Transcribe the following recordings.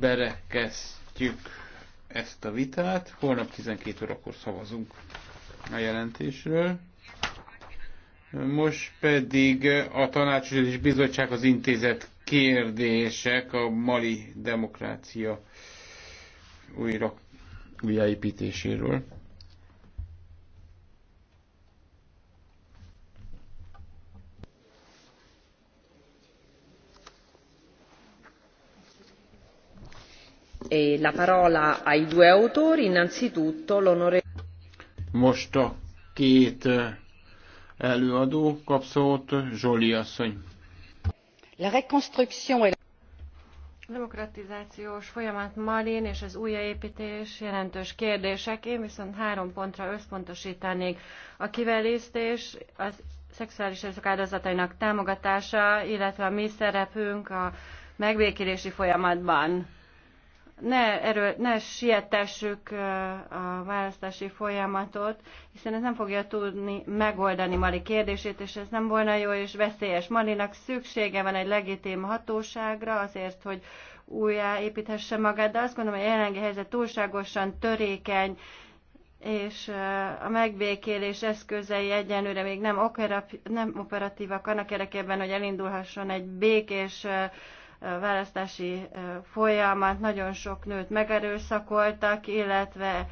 berekeztjük ezt a vitát. Holnap 12 órakor szavazunk a jelentésről. Most pedig a tanácsügyelés bizottság az intézet kérdések a mali demokrácia újra újjáépítéséről. E Most a két eh, előadó kap szót, Zsoli asszony. La reconstruction et demokratizációs folyamat Malin és az újjáépítés jelentős kérdések. Én viszont három pontra összpontosítanék. A kivelésztés, az szexuális erőszak áldozatainak támogatása, illetve a mi szerepünk a megbékélési folyamatban ne, erő, ne sietessük a választási folyamatot, hiszen ez nem fogja tudni megoldani Mali kérdését, és ez nem volna jó és veszélyes. Malinak szüksége van egy legitim hatóságra azért, hogy újjáépíthesse magát, de azt gondolom, hogy a jelenlegi helyzet túlságosan törékeny, és a megbékélés eszközei egyenlőre még nem, operatívak annak érdekében, hogy elindulhasson egy békés választási folyamat, nagyon sok nőt megerőszakoltak, illetve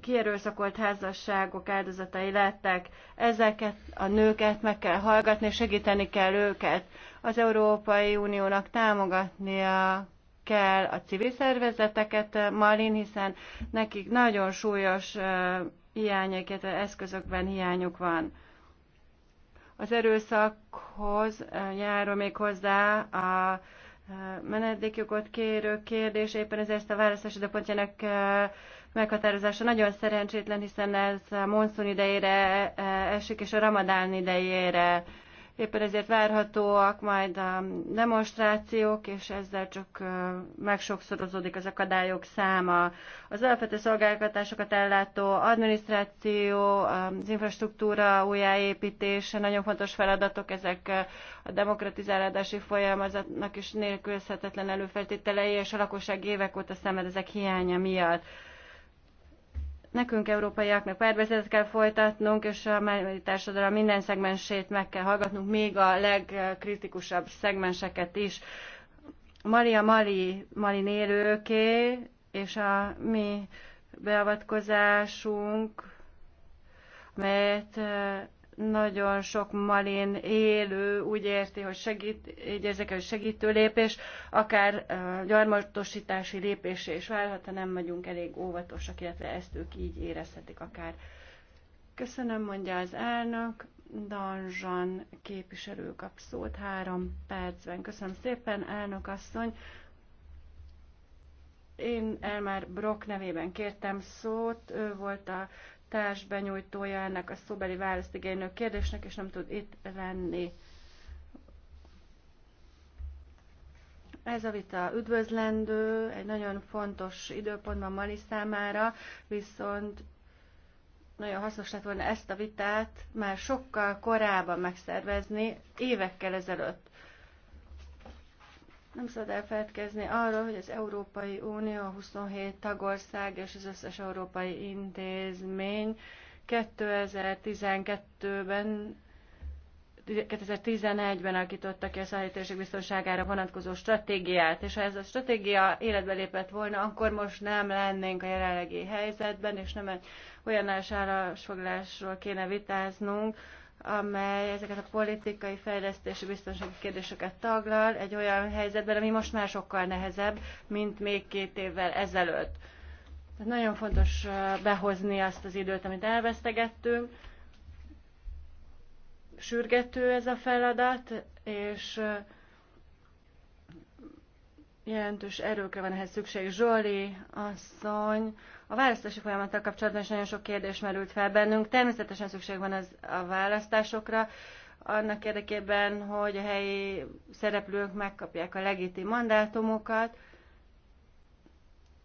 kierőszakolt házasságok áldozatai lettek. Ezeket a nőket meg kell hallgatni, segíteni kell őket. Az Európai Uniónak támogatnia kell a civil szervezeteket, Malin, hiszen nekik nagyon súlyos hiányok, eszközökben hiányuk van. Az erőszakhoz járó még hozzá a menedékjogot kérő kérdés, éppen ezért a választási időpontjának meghatározása nagyon szerencsétlen, hiszen ez a monszun idejére esik, és a ramadán idejére Éppen ezért várhatóak majd a demonstrációk, és ezzel csak megsokszorozódik az akadályok száma. Az alapvető szolgáltatásokat ellátó adminisztráció, az infrastruktúra újjáépítése, nagyon fontos feladatok, ezek a demokratizálási folyamatnak is nélkülözhetetlen előfeltételei, és a lakosság évek óta szemed ezek hiánya miatt. Nekünk, európaiaknak párbeszédet kell folytatnunk, és a társadalom minden szegmensét meg kell hallgatnunk, még a legkritikusabb szegmenseket is. Maria Mali, Mali nélőké, és a mi beavatkozásunk, mert nagyon sok malin élő úgy érti, hogy segít, így ezek a segítő lépés, akár gyarmatosítási lépés is válhat, ha nem vagyunk elég óvatosak, illetve ezt ők így érezhetik akár. Köszönöm, mondja az elnök. Danzsan képviselő kap szót három percben. Köszönöm szépen, elnök asszony. Én Elmár Brock nevében kértem szót, ő volt a benyújtója ennek a szóbeli választ kérdésnek, és nem tud itt lenni. Ez a vita üdvözlendő, egy nagyon fontos időpontban Mali számára, viszont nagyon hasznos lett volna ezt a vitát már sokkal korábban megszervezni, évekkel ezelőtt. Nem szabad elfeledkezni arról, hogy az Európai Unió, a 27 tagország és az összes európai intézmény 2012-ben 2011-ben alakította ki a szállítási biztonságára vonatkozó stratégiát, és ha ez a stratégia életbe lépett volna, akkor most nem lennénk a jelenlegi helyzetben, és nem egy olyan állásfoglásról kéne vitáznunk, amely ezeket a politikai fejlesztési biztonsági kérdéseket taglal egy olyan helyzetben, ami most már sokkal nehezebb, mint még két évvel ezelőtt. Tehát nagyon fontos behozni azt az időt, amit elvesztegettünk. Sürgető ez a feladat, és jelentős erőkre van ehhez szükség. Zsoli asszony a választási folyamattal kapcsolatban is nagyon sok kérdés merült fel bennünk. Természetesen szükség van az a választásokra, annak érdekében, hogy a helyi szereplők megkapják a legitim mandátumokat,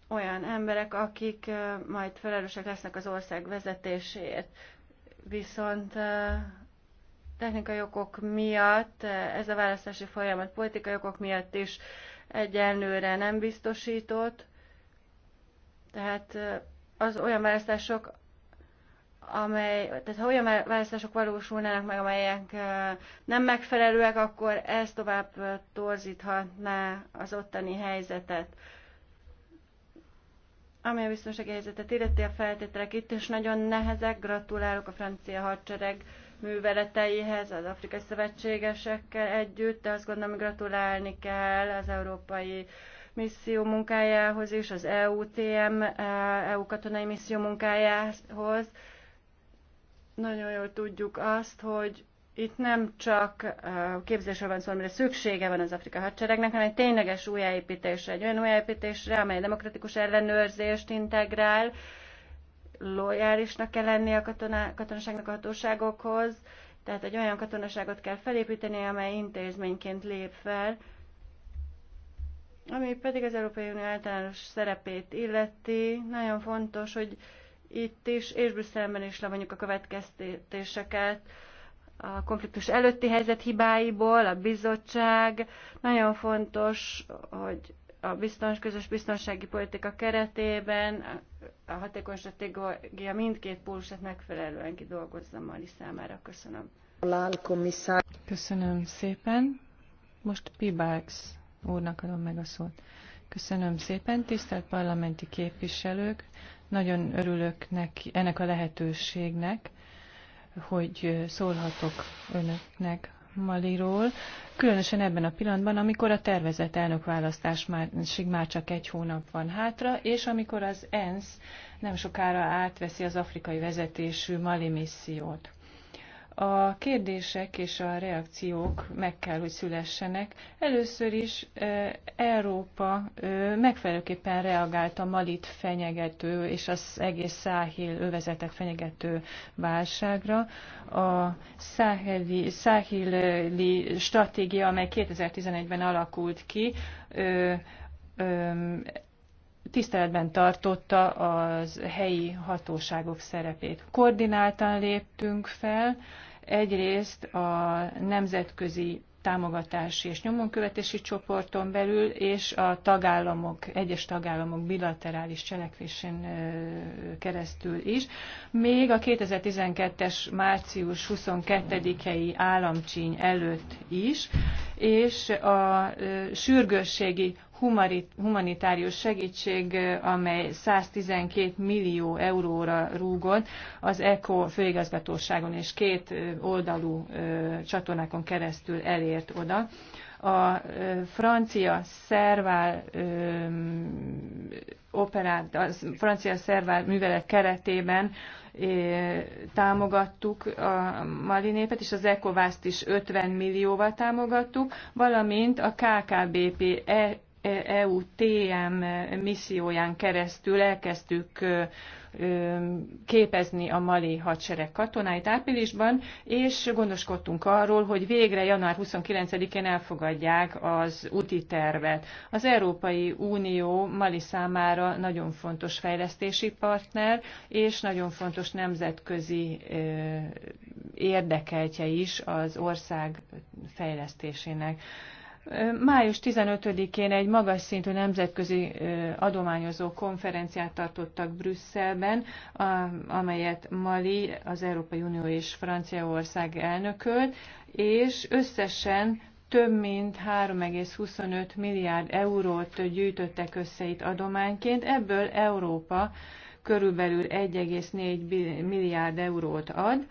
olyan emberek, akik majd felelősek lesznek az ország vezetéséért. Viszont technikai okok miatt, ez a választási folyamat politikai okok miatt is egyenlőre nem biztosított, tehát az olyan választások, amely, tehát ha olyan választások valósulnának meg, amelyek nem megfelelőek, akkor ez tovább torzíthatná az ottani helyzetet. Ami a biztonsági helyzetet illeti, a feltételek itt is nagyon nehezek. Gratulálok a francia hadsereg műveleteihez, az afrikai szövetségesekkel együtt, de azt gondolom, hogy gratulálni kell az európai uh, misszió munkájához és az EUTM, EU eh, e katonai misszió munkájához. Nagyon jól tudjuk azt, hogy itt nem csak eh, képzésről van szó, amire szüksége van az Afrika hadseregnek, hanem egy tényleges újjáépítésre, egy olyan újjáépítésre, amely demokratikus ellenőrzést integrál, lojálisnak kell lenni a katona, katonaságnak a hatóságokhoz, tehát egy olyan katonaságot kell felépíteni, amely intézményként lép fel, ami pedig az Európai Unió általános szerepét illeti, nagyon fontos, hogy itt is és Brüsszelben is levonjuk a következtetéseket a konfliktus előtti helyzet hibáiból, a bizottság. Nagyon fontos, hogy a biztons, közös biztonsági politika keretében a hatékony stratégia mindkét pólusát megfelelően kidolgozza Mali számára. Köszönöm. Köszönöm szépen. Most Pibax úrnak adom meg a szót. Köszönöm szépen, tisztelt parlamenti képviselők! Nagyon örülök neki, ennek a lehetőségnek, hogy szólhatok önöknek Maliról, különösen ebben a pillanatban, amikor a tervezett elnökválasztás már, már csak egy hónap van hátra, és amikor az ENSZ nem sokára átveszi az afrikai vezetésű Mali missziót. A kérdések és a reakciók meg kell, hogy szülessenek. Először is Európa megfelelőképpen reagált a Malit fenyegető és az egész Száhél övezetet fenyegető válságra. A Száheli, Száhili stratégia, amely 2011-ben alakult ki, tiszteletben tartotta az helyi hatóságok szerepét. Koordináltan léptünk fel, Egyrészt a nemzetközi támogatási és nyomonkövetési csoporton belül, és a tagállamok, egyes tagállamok bilaterális cselekvésén keresztül is. Még a 2012-es március 22-i államcsíny előtt is, és a sürgősségi humanitárius segítség, amely 112 millió euróra rúgott, az ECO főigazgatóságon és két oldalú csatornákon keresztül elért oda. A francia szervál operát, a francia szervál művelet keretében támogattuk a Mali népet, és az ECOVASZ-t is 50 millióval támogattuk, valamint a KKBP e EU-TM misszióján keresztül elkezdtük képezni a mali hadsereg katonáit áprilisban, és gondoskodtunk arról, hogy végre január 29-én elfogadják az úti tervet. Az Európai Unió Mali számára nagyon fontos fejlesztési partner, és nagyon fontos nemzetközi érdekeltje is az ország fejlesztésének. Május 15-én egy magas szintű nemzetközi adományozó konferenciát tartottak Brüsszelben, amelyet Mali, az Európai Unió és Franciaország elnökölt, és összesen több mint 3,25 milliárd eurót gyűjtöttek össze itt adományként, ebből Európa körülbelül 1,4 milliárd eurót ad,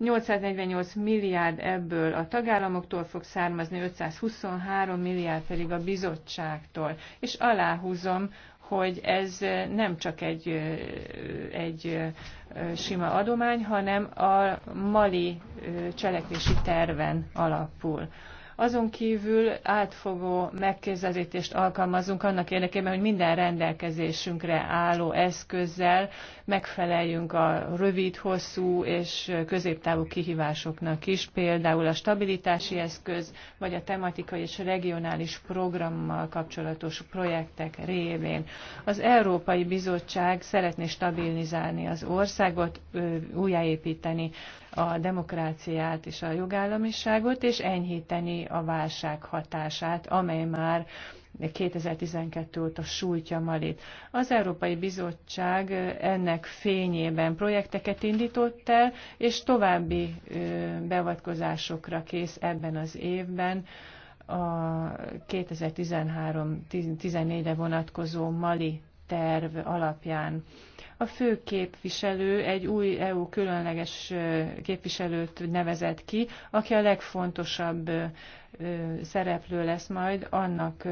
848 milliárd ebből a tagállamoktól fog származni, 523 milliárd pedig a bizottságtól. És aláhúzom, hogy ez nem csak egy, egy sima adomány, hanem a mali cselekvési terven alapul. Azon kívül átfogó megközelítést alkalmazunk annak érdekében, hogy minden rendelkezésünkre álló eszközzel megfeleljünk a rövid, hosszú és középtávú kihívásoknak is, például a stabilitási eszköz, vagy a tematikai és regionális programmal kapcsolatos projektek révén. Az Európai Bizottság szeretné stabilizálni az országot, újjáépíteni a demokráciát és a jogállamiságot, és enyhíteni a válság hatását, amely már 2012 óta sújtja Malit. Az Európai Bizottság ennek fényében projekteket indított el, és további beavatkozásokra kész ebben az évben a 2013-14-re vonatkozó Mali terv alapján. A fő képviselő egy új EU különleges képviselőt nevezett ki, aki a legfontosabb szereplő lesz majd annak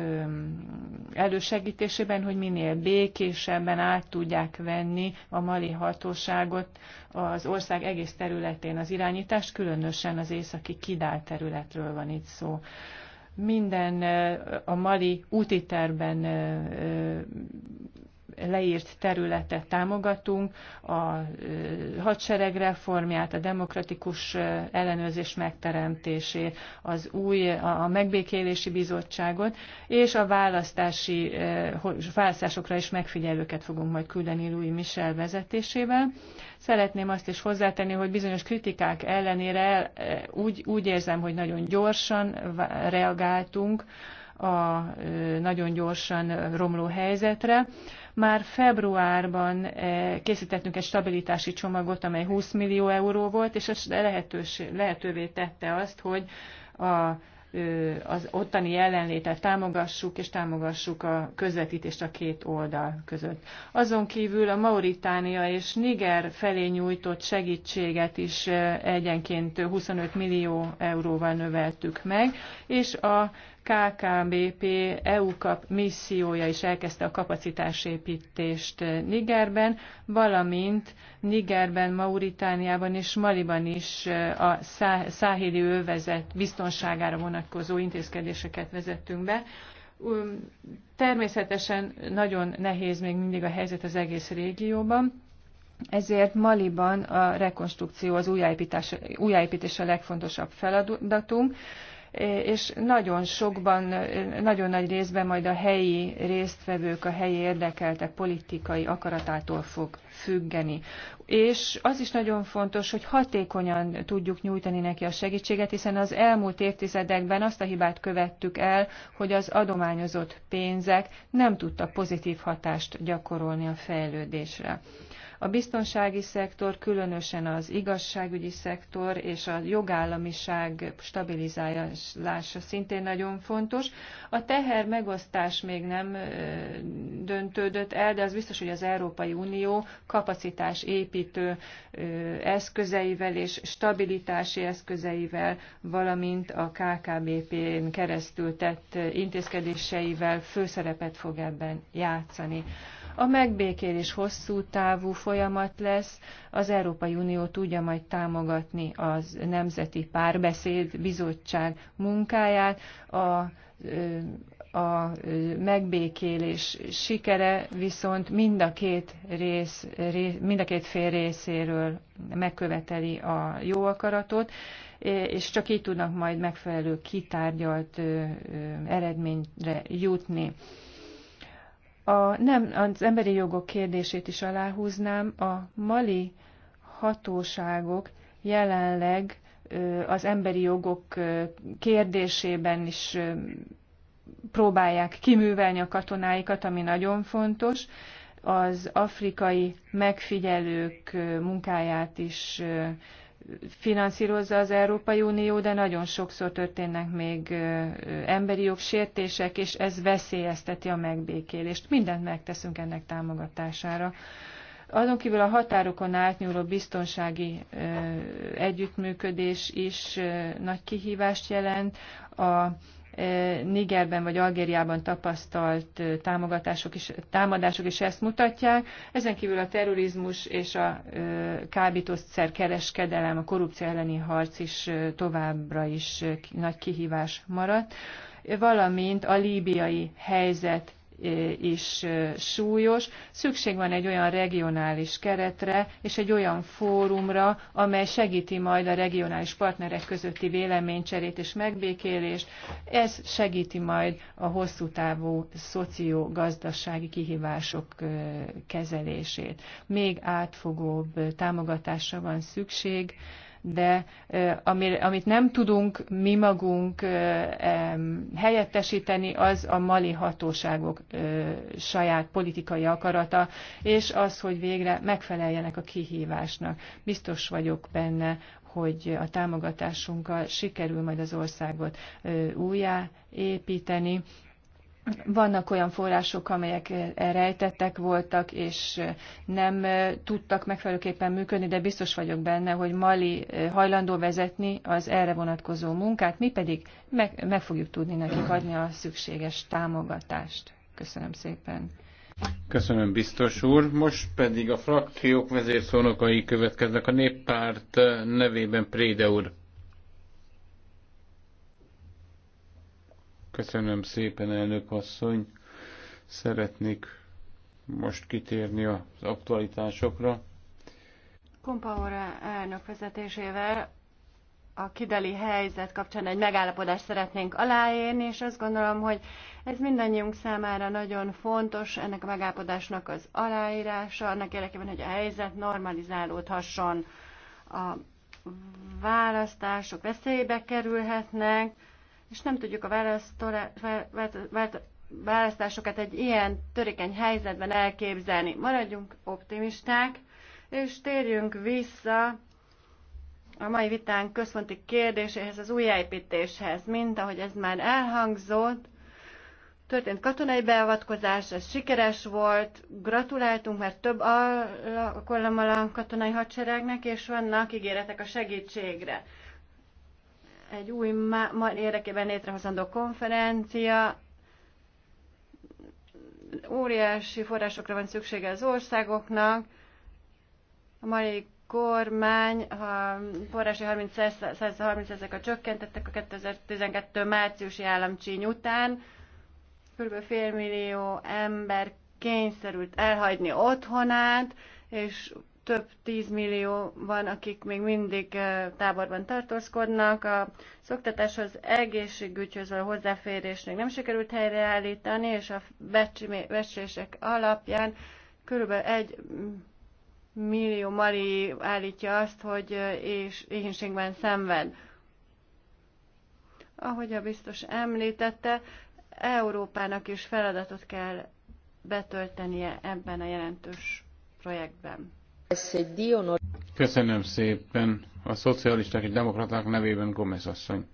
elősegítésében, hogy minél békésebben át tudják venni a mali hatóságot az ország egész területén az irányítást, különösen az északi kidál területről van itt szó minden a mali útiterben leírt területet támogatunk, a hadsereg reformját, a demokratikus ellenőrzés megteremtését, az új, a megbékélési bizottságot, és a választási, választásokra is megfigyelőket fogunk majd küldeni Louis Michel vezetésével. Szeretném azt is hozzátenni, hogy bizonyos kritikák ellenére úgy, úgy érzem, hogy nagyon gyorsan reagáltunk, a nagyon gyorsan romló helyzetre. Már februárban eh, készítettünk egy stabilitási csomagot, amely 20 millió euró volt, és ez lehetőség, lehetővé tette azt, hogy a eh, az ottani jelenlétet támogassuk, és támogassuk a közvetítést a két oldal között. Azon kívül a Mauritánia és Niger felé nyújtott segítséget is eh, egyenként 25 millió euróval növeltük meg, és a KKBP e kap missziója is elkezdte a kapacitásépítést eh, Nigerben, valamint Nigerben, Mauritániában és Maliban is eh, a száhéli övezet biztonságára vonatkozó intézkedéseket vezettünk be. Um, természetesen nagyon nehéz még mindig a helyzet az egész régióban, ezért Maliban a rekonstrukció, az újjáépítés a legfontosabb feladatunk és nagyon sokban, nagyon nagy részben majd a helyi résztvevők, a helyi érdekeltek politikai akaratától fog függeni. És az is nagyon fontos, hogy hatékonyan tudjuk nyújtani neki a segítséget, hiszen az elmúlt évtizedekben azt a hibát követtük el, hogy az adományozott pénzek nem tudtak pozitív hatást gyakorolni a fejlődésre. A biztonsági szektor, különösen az igazságügyi szektor és a jogállamiság stabilizálása szintén nagyon fontos. A teher megosztás még nem döntődött el, de az biztos, hogy az Európai Unió kapacitás építő eszközeivel és stabilitási eszközeivel, valamint a KKBP-n keresztül tett intézkedéseivel főszerepet fog ebben játszani. A megbékélés hosszú távú folyamat lesz, az Európai Unió tudja majd támogatni az Nemzeti Párbeszéd Bizottság munkáját, a, a megbékélés sikere viszont mind a két, rész, mind a két fél részéről megköveteli a jó akaratot, és csak így tudnak majd megfelelő kitárgyalt eredményre jutni. A, nem, az emberi jogok kérdését is aláhúznám, a mali hatóságok jelenleg az emberi jogok kérdésében is próbálják kiművelni a katonáikat, ami nagyon fontos. Az afrikai megfigyelők munkáját is finanszírozza az Európai Unió, de nagyon sokszor történnek még emberi jogsértések, és ez veszélyezteti a megbékélést. Mindent megteszünk ennek támogatására. Azon kívül a határokon átnyúló biztonsági együttműködés is nagy kihívást jelent. A E, Nigerben vagy Algériában tapasztalt e, támogatások is, támadások is ezt mutatják. Ezen kívül a terrorizmus és a e, kábítószer kereskedelem, a korrupció elleni harc is továbbra is nagy kihívás maradt, valamint a líbiai helyzet is súlyos. Szükség van egy olyan regionális keretre és egy olyan fórumra, amely segíti majd a regionális partnerek közötti véleménycserét és megbékélést. Ez segíti majd a hosszú távú szociogazdasági kihívások kezelését. Még átfogóbb támogatásra van szükség, de amit nem tudunk mi magunk helyettesíteni, az a mali hatóságok saját politikai akarata, és az, hogy végre megfeleljenek a kihívásnak. Biztos vagyok benne, hogy a támogatásunkkal sikerül majd az országot újjáépíteni, vannak olyan források, amelyek rejtettek voltak, és nem tudtak megfelelőképpen működni, de biztos vagyok benne, hogy Mali hajlandó vezetni az erre vonatkozó munkát, mi pedig meg, meg fogjuk tudni nekik adni a szükséges támogatást. Köszönöm szépen. Köszönöm, biztos úr. Most pedig a frakciók vezérszónokai következnek a néppárt nevében Préde úr. Köszönöm szépen, elnök asszony. Szeretnék most kitérni az aktualitásokra. Kompaura elnök vezetésével a kideli helyzet kapcsán egy megállapodást szeretnénk aláírni, és azt gondolom, hogy ez mindannyiunk számára nagyon fontos, ennek a megállapodásnak az aláírása, annak érdekében, hogy a helyzet normalizálódhasson. A választások veszélybe kerülhetnek, és nem tudjuk a választásokat egy ilyen törékeny helyzetben elképzelni. Maradjunk optimisták, és térjünk vissza a mai vitánk központi kérdéséhez, az újjáépítéshez, mint ahogy ez már elhangzott, Történt katonai beavatkozás, ez sikeres volt, gratuláltunk, mert több alkalommal a katonai hadseregnek, és vannak ígéretek a segítségre egy új, majd érdekében létrehozandó konferencia, óriási forrásokra van szüksége az országoknak. A mai kormány a forrási 30%-a csökkentettek a 2012. márciusi államcsíny után. Kb. félmillió ember kényszerült elhagyni otthonát, és több tízmillió van, akik még mindig táborban tartózkodnak. A szoktatáshoz, egészségügyhöz való hozzáférés még nem sikerült helyreállítani, és a becslések alapján körülbelül egy millió mali állítja azt, hogy és éhénységben szenved. Ahogy a biztos említette, Európának is feladatot kell betöltenie ebben a jelentős projektben. Köszönöm szépen a szocialisták és demokraták nevében Gomez asszony.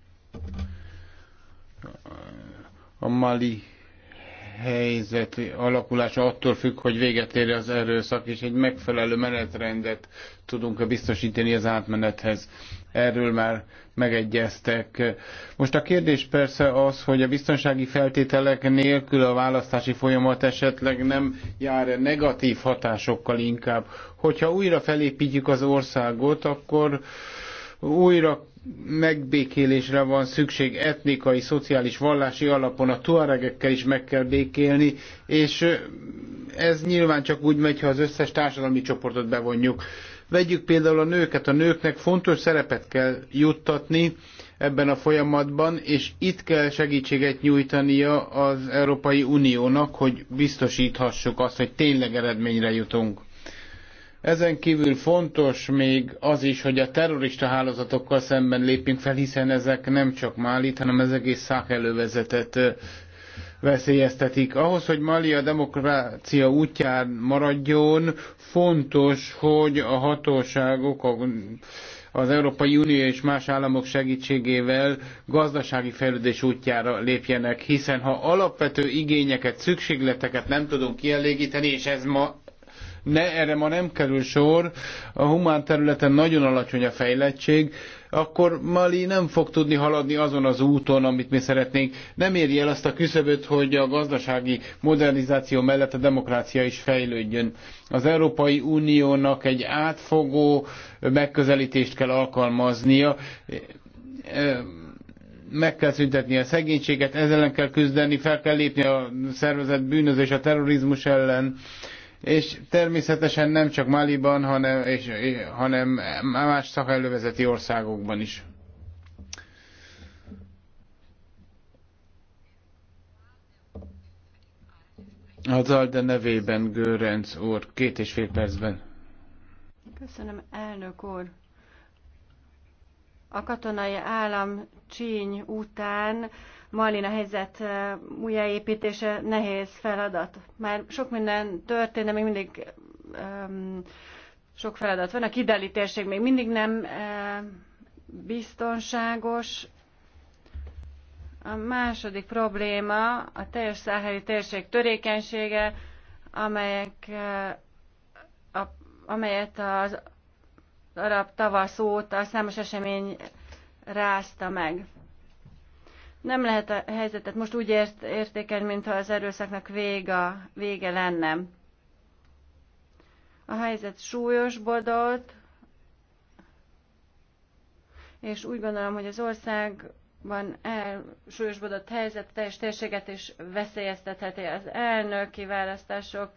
A mali helyzet alakulása attól függ, hogy véget ér az erőszak, és egy megfelelő menetrendet tudunk biztosítani az átmenethez erről már megegyeztek. Most a kérdés persze az, hogy a biztonsági feltételek nélkül a választási folyamat esetleg nem jár -e negatív hatásokkal inkább. Hogyha újra felépítjük az országot, akkor újra megbékélésre van szükség etnikai, szociális, vallási alapon, a tuaregekkel is meg kell békélni, és ez nyilván csak úgy megy, ha az összes társadalmi csoportot bevonjuk. Vegyük például a nőket, a nőknek fontos szerepet kell juttatni ebben a folyamatban, és itt kell segítséget nyújtania az Európai Uniónak, hogy biztosíthassuk azt, hogy tényleg eredményre jutunk. Ezen kívül fontos még az is, hogy a terrorista hálózatokkal szemben lépjünk fel, hiszen ezek nem csak Málit, hanem az egész elővezetett veszélyeztetik. Ahhoz, hogy Mali a demokrácia útján maradjon, fontos, hogy a hatóságok, az Európai Unió és más államok segítségével gazdasági fejlődés útjára lépjenek, hiszen ha alapvető igényeket, szükségleteket nem tudunk kielégíteni, és ez ma ne, erre ma nem kerül sor, a humán területen nagyon alacsony a fejlettség, akkor Mali nem fog tudni haladni azon az úton, amit mi szeretnénk. Nem éri el azt a küszöböt, hogy a gazdasági modernizáció mellett a demokrácia is fejlődjön. Az Európai Uniónak egy átfogó megközelítést kell alkalmaznia meg kell szüntetni a szegénységet, ezzel ellen kell küzdeni, fel kell lépni a szervezett bűnözés, a terrorizmus ellen, és természetesen nem csak Maliban, hanem, és, hanem más szakelővezeti országokban is. Az Alde nevében Görenc úr, két és fél percben. Köszönöm, elnök úr. A katonai állam csíny után Marlin a helyzet újjáépítése nehéz feladat. Már sok minden történt, de még mindig um, sok feladat van. A kideli térség még mindig nem um, biztonságos. A második probléma a teljes száheli térség törékenysége, amelyek, a, amelyet az arab tavasz óta számos esemény rázta meg. Nem lehet a helyzetet most úgy ért, értékelni, mintha az erőszaknak vége, vége lenne. A helyzet súlyos bodolt, és úgy gondolom, hogy az országban elsúlyosbodott helyzet teljes térséget is veszélyeztetheti. Az elnöki választások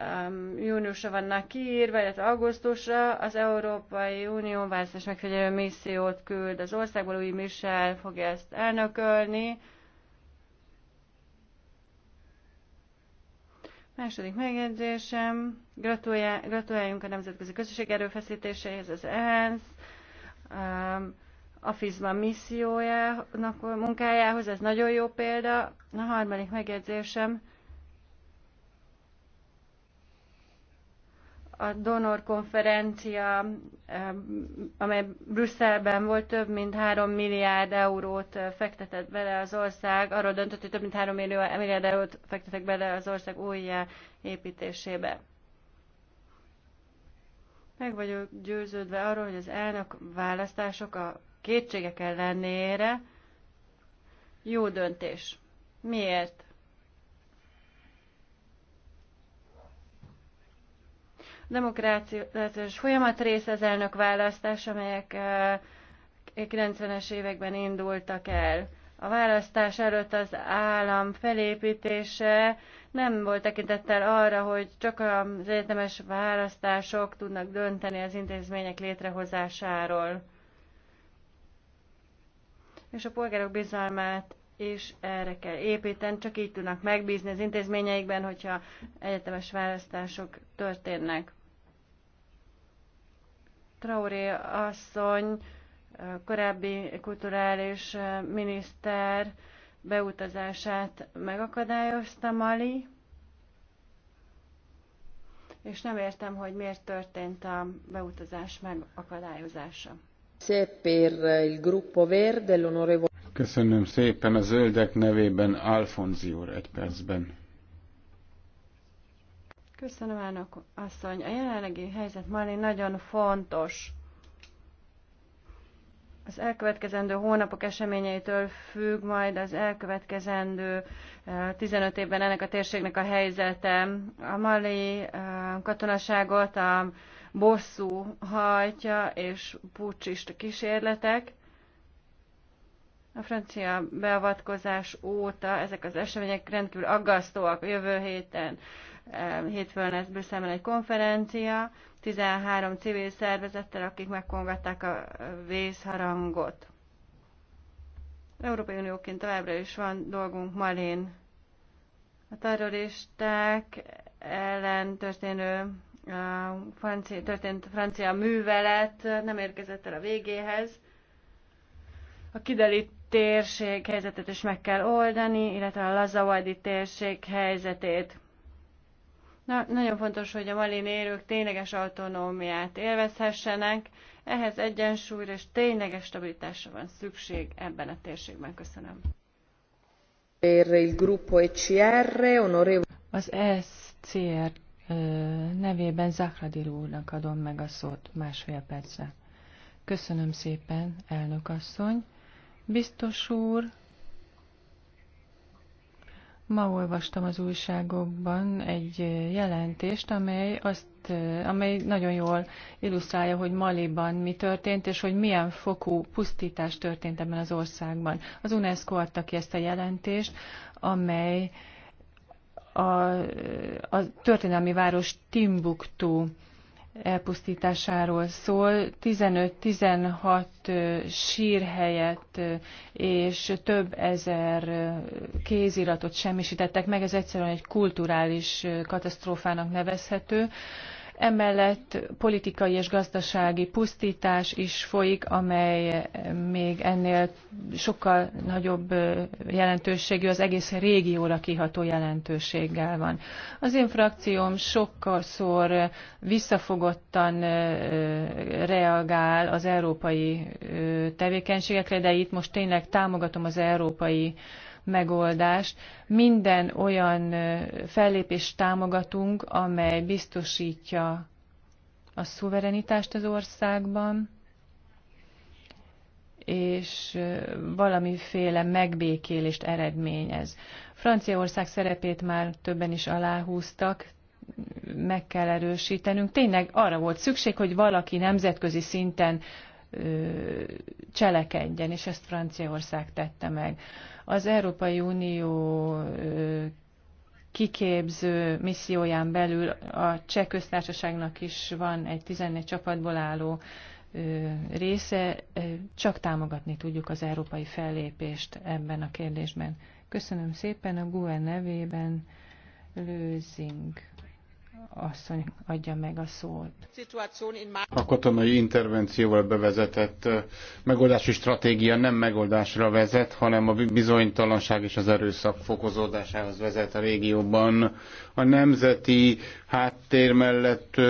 um, júniusra vannak kiírva, illetve augusztusra. Az Európai Unió választás megfigyelő missziót küld az országból, új Michel fogja ezt elnökölni. Második megjegyzésem, gratuláljunk a nemzetközi közösség erőfeszítéseihez, az ENSZ, um, a FISMA missziójának munkájához, ez nagyon jó példa. A harmadik megjegyzésem, a donor konferencia, amely Brüsszelben volt, több mint 3 milliárd eurót eh, fektetett bele az ország, arról döntött, hogy több mint 3 millió, milliárd eurót fektetek bele az ország újjá építésébe. Meg vagyok győződve arról, hogy az elnök választások a kétségek ellenére jó döntés. Miért? demokrációs folyamat része az elnök választás, amelyek 90-es eh, években indultak el. A választás előtt az állam felépítése nem volt tekintettel arra, hogy csak az egyetemes választások tudnak dönteni az intézmények létrehozásáról. És a polgárok bizalmát és erre kell építeni, csak így tudnak megbízni az intézményeikben, hogyha egyetemes választások történnek. Traoré asszony, korábbi kulturális miniszter beutazását megakadályozta Mali, és nem értem, hogy miért történt a beutazás megakadályozása. Köszönöm szépen a zöldek nevében Alfonzi úr egy percben. Köszönöm, elnök asszony. A jelenlegi helyzet már nagyon fontos. Az elkövetkezendő hónapok eseményeitől függ majd az elkövetkezendő 15 eh, évben ennek a térségnek a helyzete. A mali eh, katonaságot a bosszú hajtja és pucsista kísérletek. A francia beavatkozás óta ezek az események rendkívül aggasztóak jövő héten. Hétfőn lesz Brüsszelben egy konferencia, 13 civil szervezettel, akik megkongatták a vészharangot. Európai Unióként továbbra is van dolgunk Malén. A terroristák ellen történő francia, történt francia művelet nem érkezett el a végéhez. A kideli térség helyzetet is meg kell oldani, illetve a lazavadi térség helyzetét. Na, nagyon fontos, hogy a mali élők tényleges autonómiát élvezhessenek, ehhez egyensúly és tényleges stabilitásra van szükség ebben a térségben. Köszönöm. E Az SCR e nevében Zahradil úrnak adom meg a szót másfél percre. Köszönöm szépen, elnök asszony. Biztos úr, Ma olvastam az újságokban egy jelentést, amely, azt, amely nagyon jól illusztrálja, hogy Maliban mi történt, és hogy milyen fokú pusztítás történt ebben az országban. Az UNESCO adta ki ezt a jelentést, amely a, a történelmi város Timbuktu elpusztításáról szól. 15-16 sírhelyet és több ezer kéziratot semmisítettek meg, ez egyszerűen egy kulturális katasztrófának nevezhető. Emellett politikai és gazdasági pusztítás is folyik, amely még ennél sokkal nagyobb jelentőségű, az egész régióra kiható jelentőséggel van. Az én frakcióm sokszor visszafogottan reagál az európai tevékenységekre, de itt most tényleg támogatom az európai megoldást. Minden olyan fellépést támogatunk, amely biztosítja a szuverenitást az országban, és valamiféle megbékélést eredményez. Franciaország szerepét már többen is aláhúztak, meg kell erősítenünk. Tényleg arra volt szükség, hogy valaki nemzetközi szinten cselekedjen, és ezt Franciaország tette meg. Az Európai Unió kiképző misszióján belül a cseh köztársaságnak is van egy 14 csapatból álló része, csak támogatni tudjuk az európai fellépést ebben a kérdésben. Köszönöm szépen a GUE nevében, Lőzing asszony adja meg a szót. A katonai intervencióval bevezetett megoldási stratégia nem megoldásra vezet, hanem a bizonytalanság és az erőszak fokozódásához vezet a régióban. A nemzeti háttér mellett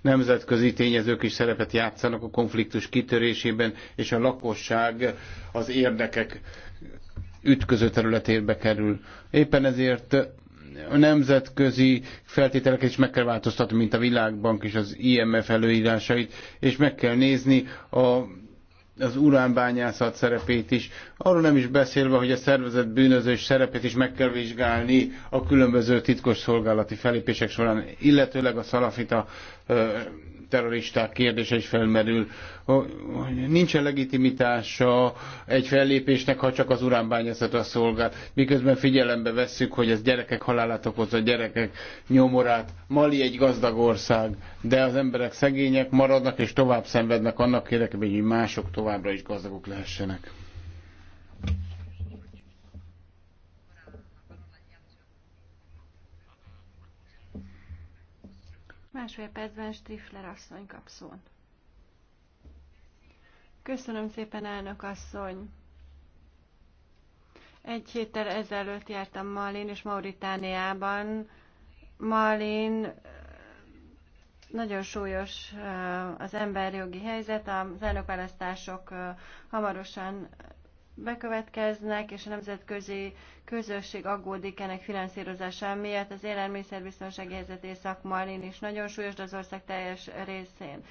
nemzetközi tényezők is szerepet játszanak a konfliktus kitörésében, és a lakosság az érdekek ütköző területébe kerül. Éppen ezért a nemzetközi feltételeket is meg kell változtatni, mint a Világbank és az IMF előírásait, és meg kell nézni a az uránbányászat szerepét is. Arról nem is beszélve, hogy a szervezet bűnözős szerepét is meg kell vizsgálni a különböző titkos szolgálati felépések során, illetőleg a szalafita terroristák kérdése is felmerül. Nincs -e legitimitása egy fellépésnek, ha csak az uránbányászatra szolgál, miközben figyelembe vesszük, hogy ez gyerekek halálát okozza, gyerekek nyomorát. Mali egy gazdag ország, de az emberek szegények maradnak és tovább szenvednek annak érdekében, hogy mások tovább továbbra is gazdagok lehessenek. Másfél percben Strifler asszony kap szót. Köszönöm szépen, elnök asszony! Egy héttel ezelőtt jártam Malin és Mauritániában. Malin nagyon súlyos eh, az emberjogi helyzet, az elnökválasztások eh, hamarosan bekövetkeznek, és a nemzetközi közösség aggódik ennek finanszírozása miatt. Az élelmiszerbiztonsági helyzet észak is nagyon súlyos, de az ország teljes részén.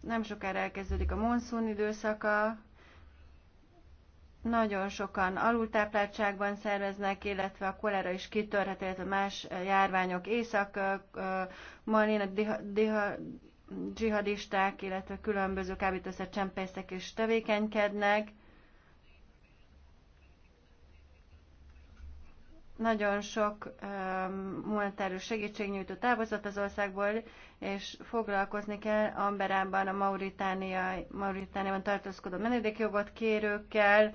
Nem sokára elkezdődik a monszun időszaka, nagyon sokan alultápláltságban szerveznek, illetve a kolera is kitörhet, illetve más járványok. észak Malina, a dzsihadisták, illetve különböző kábítószer csempészek is tevékenykednek. Nagyon sok humanitárius segítségnyújtó távozott az országból, és foglalkozni kell Amberában a Mauritániai, Mauritániában tartózkodó menedékjogot kérőkkel.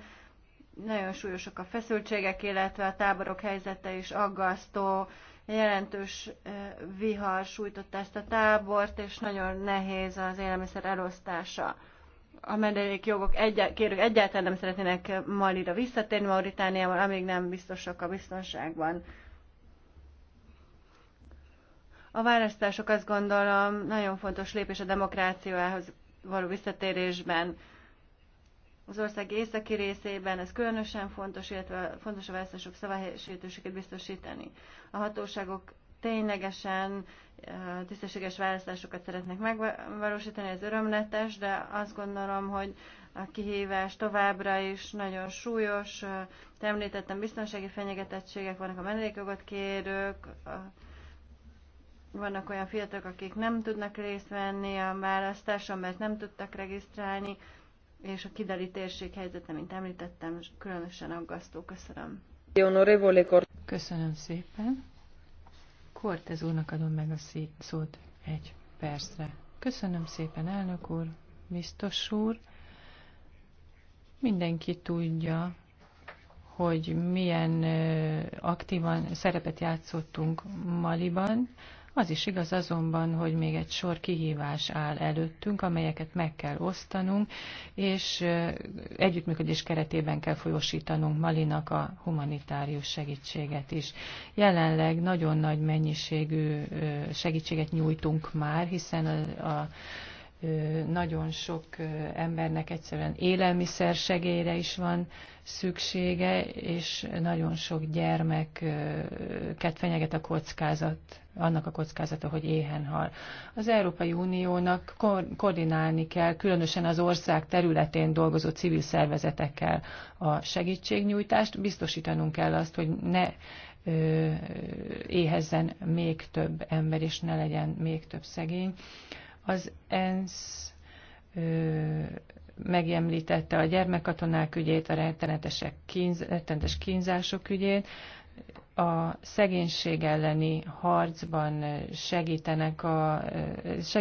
Nagyon súlyosak a feszültségek, illetve a táborok helyzete is aggasztó jelentős vihar sújtotta ezt a tábort, és nagyon nehéz az élelmiszer elosztása a menedékjogok jogok kérők egyáltalán nem szeretnének Malira visszatérni Mauritániában, amíg nem biztosak a biztonságban. A választások azt gondolom nagyon fontos lépés a demokráciához való visszatérésben. Az ország északi részében ez különösen fontos, illetve fontos a választások szavahelyesítőséget biztosítani. A hatóságok ténylegesen tisztességes választásokat szeretnek megvalósítani, ez örömletes, de azt gondolom, hogy a kihívás továbbra is nagyon súlyos. Te említettem, biztonsági fenyegetettségek vannak a menedékjogot kérők, vannak olyan fiatalok, akik nem tudnak részt venni a választáson, mert nem tudtak regisztrálni, és a kideli térség helyzete, mint említettem, különösen aggasztó. Köszönöm. Köszönöm szépen. Cortez úrnak adom meg a szót egy percre. Köszönöm szépen, elnök úr, biztos úr. Mindenki tudja, hogy milyen aktívan szerepet játszottunk Maliban. Az is igaz azonban, hogy még egy sor kihívás áll előttünk, amelyeket meg kell osztanunk, és együttműködés keretében kell folyosítanunk Malinak a humanitárius segítséget is. Jelenleg nagyon nagy mennyiségű segítséget nyújtunk már, hiszen a, a nagyon sok embernek egyszerűen élelmiszer segélyre is van szüksége, és nagyon sok gyermeket fenyeget a kockázat, annak a kockázata, hogy éhen hal. Az Európai Uniónak koordinálni kell, különösen az ország területén dolgozó civil szervezetekkel a segítségnyújtást, biztosítanunk kell azt, hogy ne éhezzen még több ember, és ne legyen még több szegény az ENSZ ö, megemlítette a gyermekkatonák ügyét, a rettenetesek kínz, rettenetes kínzások ügyét, a szegénység elleni harcban segítenek a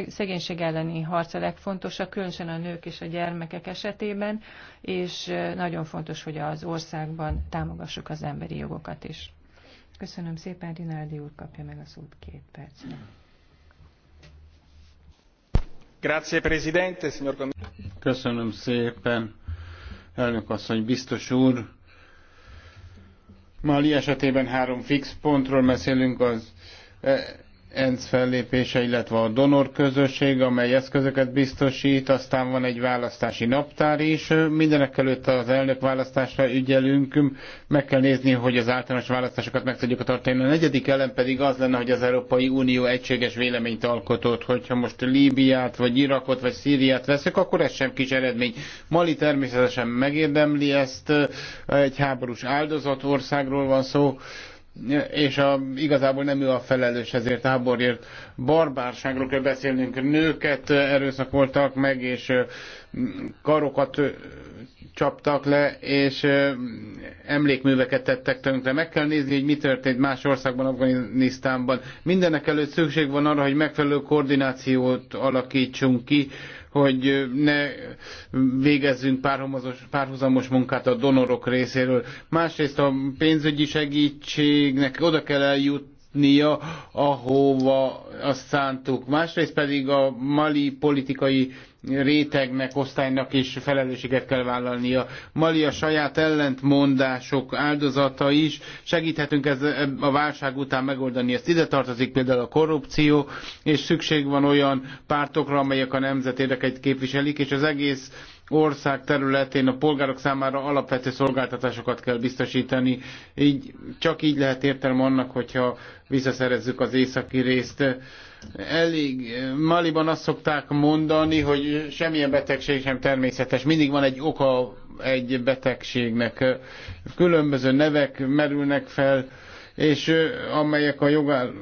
szegénység elleni harc a legfontosabb, különösen a nők és a gyermekek esetében, és nagyon fontos, hogy az országban támogassuk az emberi jogokat is. Köszönöm szépen, Rinaldi úr kapja meg a szót két percre. Köszönöm szépen, elnök asszony, biztos úr. Mali esetében három fix pontról beszélünk, az eh, ENSZ fellépése, illetve a donor közösség, amely eszközöket biztosít, aztán van egy választási naptár is. Mindenek előtt az elnök választásra ügyelünk, meg kell nézni, hogy az általános választásokat meg tudjuk tartani. A negyedik elem pedig az lenne, hogy az Európai Unió egységes véleményt alkotott, hogyha most Líbiát, vagy Irakot, vagy Szíriát veszük, akkor ez sem kis eredmény. Mali természetesen megérdemli ezt, egy háborús áldozat országról van szó, és a, igazából nem ő a felelős ezért háborért. Barbárságról kell beszélnünk, nőket erőszakoltak meg, és karokat csaptak le, és emlékműveket tettek tönkre. Meg kell nézni, hogy mi történt más országban, Afganisztánban. Mindenek előtt szükség van arra, hogy megfelelő koordinációt alakítsunk ki hogy ne végezzünk párhuzamos munkát a donorok részéről. Másrészt a pénzügyi segítségnek oda kell eljut jutnia, ahova azt szántuk. Másrészt pedig a mali politikai rétegnek, osztálynak is felelősséget kell vállalnia. Mali a saját ellentmondások áldozata is. Segíthetünk ez a válság után megoldani ezt. Ide tartozik például a korrupció, és szükség van olyan pártokra, amelyek a nemzet érdekeit képviselik, és az egész ország területén a polgárok számára alapvető szolgáltatásokat kell biztosítani. Így, csak így lehet értelme annak, hogyha visszaszerezzük az északi részt. Elég Maliban azt szokták mondani, hogy semmilyen betegség sem természetes. Mindig van egy oka egy betegségnek. Különböző nevek merülnek fel, és amelyek a, jogáll-